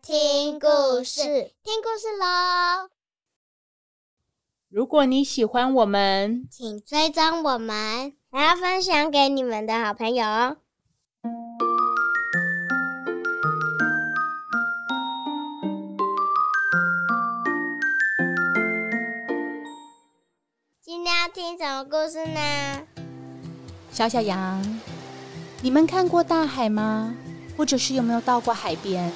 聽故事，聽故事嘍！如果你喜歡我們，請追蹤我們，還要分享給你們的好朋友。今天要聽什麼故事呢？小小羊，你們看過大海嗎？或者是有沒有到過海邊？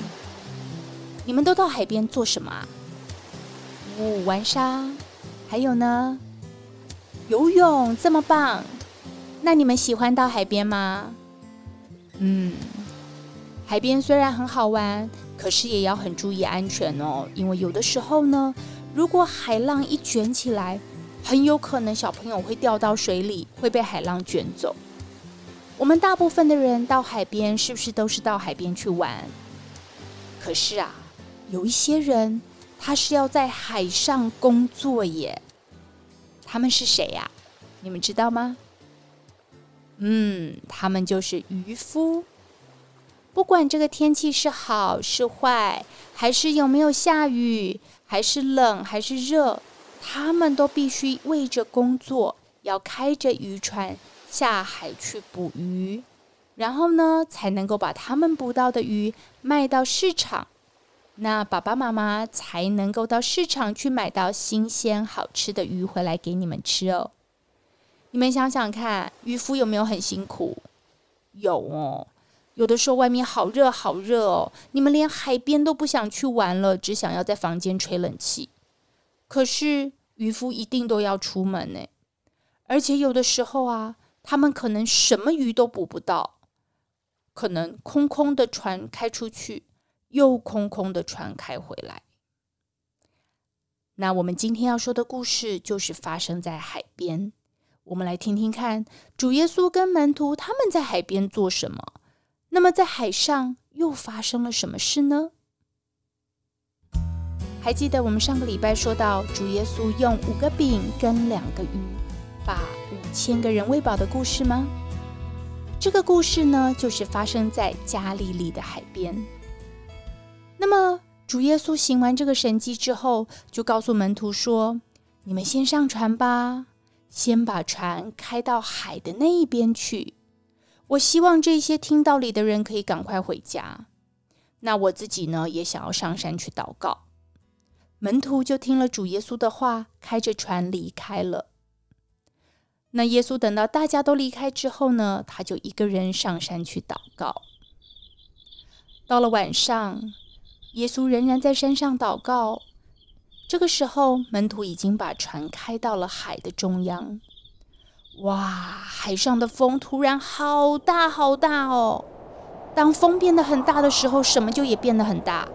你們都到海邊做什麼啊？哦，玩沙，還有呢？游泳，這麼棒。那你們喜歡到海邊嗎？嗯，海邊雖然很好玩，可是也要很注意安全哦。因為有的時候呢，如果海浪一卷起來，很有可能小朋友會掉到水裡，會被海浪卷走。我們大部分的人到海邊，是不是都是到海邊去玩？可是啊，有一些人，他是要在海上工作耶。他們是誰呀？你們知道嗎？嗯，他們就是漁夫。不管這個天氣是好是壞，還是有沒有下雨，還是冷還是熱，他們都必須為着工作，要開着漁船下海去捕魚，然後呢，才能夠把他們捕到的魚賣到市場。那爸爸媽媽才能夠到市場去買到新鮮好吃的魚回來給你們吃哦。你們想想看，漁夫有沒有很辛苦？有哦。有的時候外面好熱好熱哦，你們連海邊都不想去玩了，只想要在房間吹冷氣。可是漁夫一定都要出門呢，而且有的時候啊，他們可能什麼魚都捕不到，可能空空的船開出去。又空空的船開回來。那我們今天要說的故事就是發生在海邊。我們來聽聽看，主耶穌跟門徒他們在海邊做什麼？那麼在海上又發生了什麼事呢？還記得我們上個禮拜說到主耶穌用五個餅跟兩個魚把五千個人餵飽的故事嗎？這個故事呢，就是發生在加利利的海邊。那麼，主耶穌行完這個神蹟之後，就告訴門徒說：“你們先上船吧，先把船開到海的那一邊去。我希望這些聽道理的人可以趕快回家。那我自己呢，也想要上山去禱告。”門徒就聽了主耶穌的話，開着船離開了。那耶穌等到大家都離開之後呢，他就一個人上山去禱告。到了晚上，耶穌仍然在山上禱告。這個時候，門徒已經把船開到了海的中央。哇，海上的風突然好大好大哦！當風變得很大的時候，什麼就也變得很大？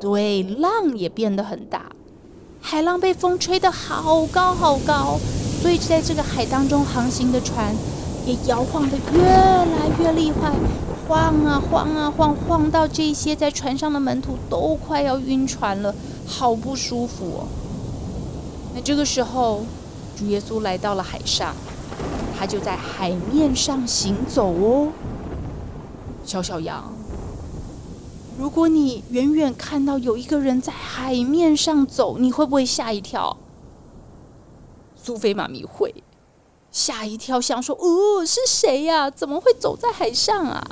對，浪也變得很大。海浪被風吹得好高好高，所以在這個海當中航行的船也搖晃得越來越厲害。晃啊晃啊晃，晃到這些在船上的門徒都快要暈船了，好不舒服哦。那這個時候，主耶穌來到了海上，他就在海面上行走哦。小小羊，如果你遠遠看到有一個人在海面上走，你會不會嚇一跳？蘇菲瑪咪會嚇一跳，想說哦，是誰呀？怎麼會走在海上啊？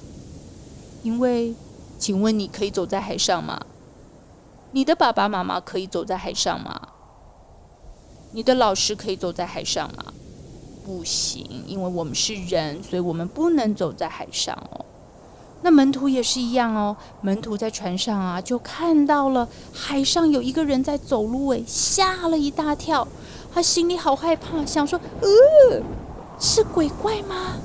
因為，請問你可以走在海上嗎？你的爸爸媽媽可以走在海上嗎？你的老師可以走在海上嗎？不行，因為我們是人，所以我們不能走在海上哦。那門徒也是一樣哦，門徒在船上啊，就看到了海上有一個人在走路，誒，嚇了一大跳，他心裡好害怕，想說，呃，是鬼怪嗎？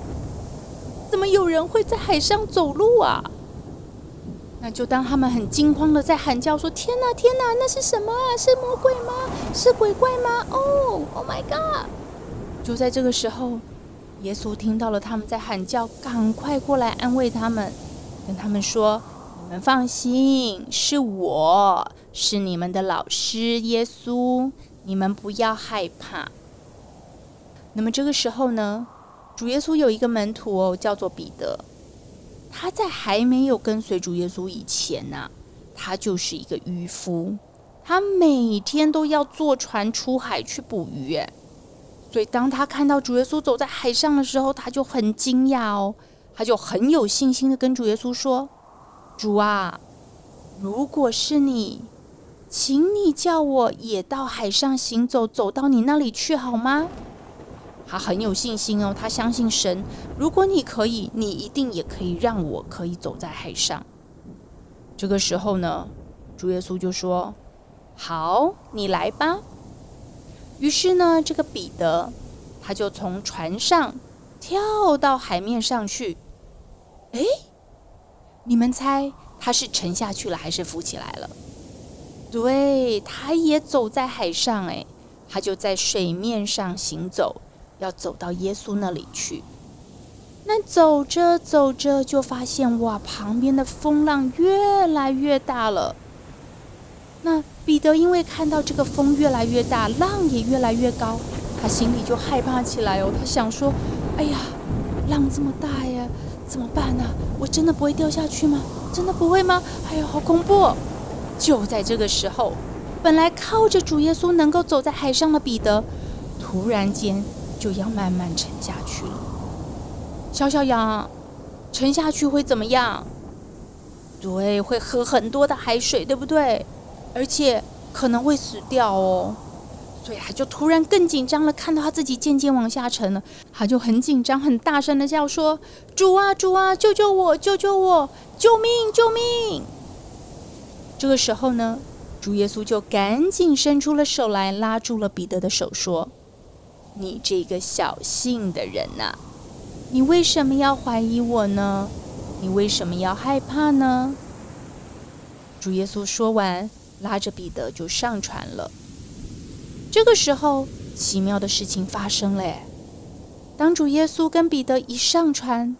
怎麼有人會在海上走路啊？那就當他們很驚慌地在喊叫說：“天哪，天哪，那是什麼？是魔鬼嗎？是鬼怪嗎？”哦，Oh my God！就在這個時候，耶穌聽到了他們在喊叫，趕快過來安慰他們，跟他們說：“你們放心，是我，是你們的老師耶穌，你們不要害怕。”那麼這個時候呢？主耶穌有一個門徒哦，叫做彼得。他在還沒有跟隨主耶穌以前呐、啊，他就是一個漁夫，他每天都要坐船出海去捕魚。誒，所以當他看到主耶穌走在海上的時候，他就很驚訝哦，他就很有信心的跟主耶穌說：“主啊，如果是你，請你叫我也到海上行走，走到你那裡去好嗎？”他很有信心哦，他相信神。如果你可以，你一定也可以讓我可以走在海上。這個時候呢，主耶穌就說：“好，你來吧。”於是呢，這個彼得他就從船上跳到海面上去。哎，你們猜他是沉下去了還是浮起來了？對，他也走在海上哎，他就在水面上行走。要走到耶穌那裡去，那走着走着就發現哇，旁邊的風浪越來越大了。那彼得因為看到這個風越來越大，浪也越來越高，他心裡就害怕起來哦。他想說：“哎呀，浪這麼大呀，怎麼辦呢、啊？我真的不會掉下去嗎？真的不會嗎？哎呀，好恐怖、哦！”就在這個時候，本來靠着主耶穌能夠走在海上的彼得，突然間。就要慢慢沉下去了，小小羊，沉下去會怎麼樣？對，會喝很多的海水，對不對？而且可能會死掉哦。所以，他就突然更緊張了。看到他自己漸漸往下沉了，他就很緊張，很大聲的叫說：“主啊，主啊，救救我，救救我，救命，救命！”這個時候呢，主耶穌就趕緊伸出了手來，拉住了彼得的手說。你這個小信的人吶、啊，你為什麼要懷疑我呢？你為什麼要害怕呢？主耶穌說完，拉着彼得就上船了。這個時候，奇妙的事情發生了。當主耶穌跟彼得一上船，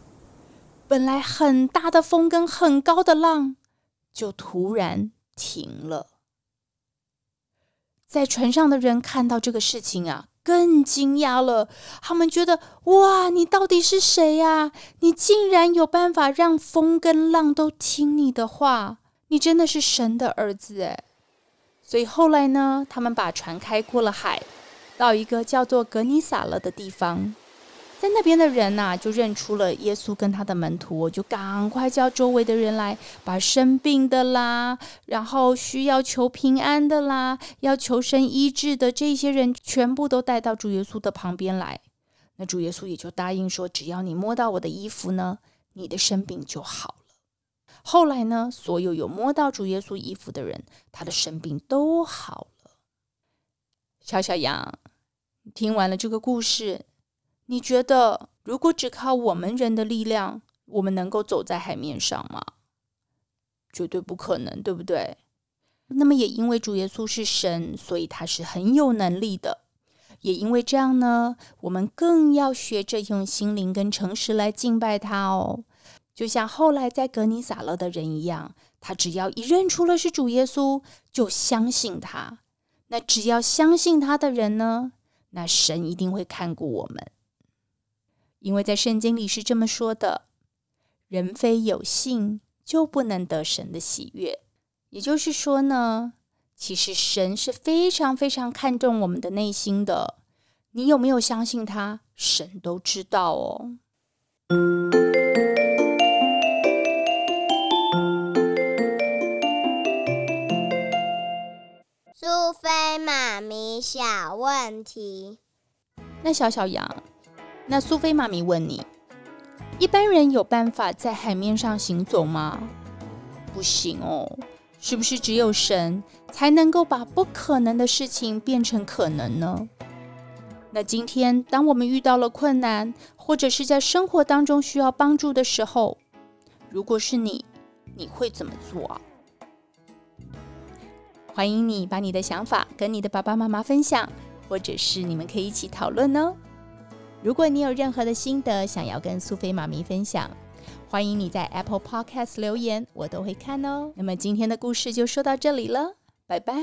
本來很大的風跟很高的浪，就突然停了。在船上的人看到這個事情啊。更驚訝了，他們覺得哇，你到底是誰呀、啊？你竟然有辦法讓風跟浪都聽你的話，你真的是神的兒子哎！所以後來呢，他們把船開過了海，到一個叫做格尼撒勒的地方。在那邊的人吶、啊，就認出了耶穌跟他的門徒，我就趕快叫周圍的人來，把生病的啦，然後需要求平安的啦，要求神醫治的這些人，全部都帶到主耶穌的旁邊來。那主耶穌也就答應說，只要你摸到我的衣服呢，你的生病就好了。後來呢，所有有摸到主耶穌衣服的人，他的生病都好了。小小羊，你聽完了這個故事。你覺得，如果只靠我們人的力量，我們能夠走在海面上嗎？絕對不可能，對不對？那麼，也因為主耶穌是神，所以他是很有能力的。也因為這樣呢，我們更要學着用心靈跟誠實來敬拜他哦。就像後來在格尼撒勒的人一樣，他只要一認出了是主耶穌，就相信他。那只要相信他的人呢，那神一定會看顧我們。因為在聖經裡是這麼說的：人非有信就不能得神的喜悅。也就是說呢，其實神是非常非常看重我們的內心的。你有沒有相信他？神都知道哦。蘇菲媽咪，小問題。那小小羊。那蘇菲媽咪問你：一般人有辦法在海面上行走嗎？不行哦。是不是只有神才能夠把不可能的事情變成可能呢？那今天，當我們遇到了困難，或者是在生活當中需要幫助的時候，如果是你，你會怎麼做啊？歡迎你把你的想法跟你的爸爸媽媽分享，或者是你們可以一起討論呢。如果你有任何的心得想要跟蘇菲媽咪分享，歡迎你在 Apple Podcast 留言，我都會看哦。那麼今天的故事就說到這裡了，拜拜。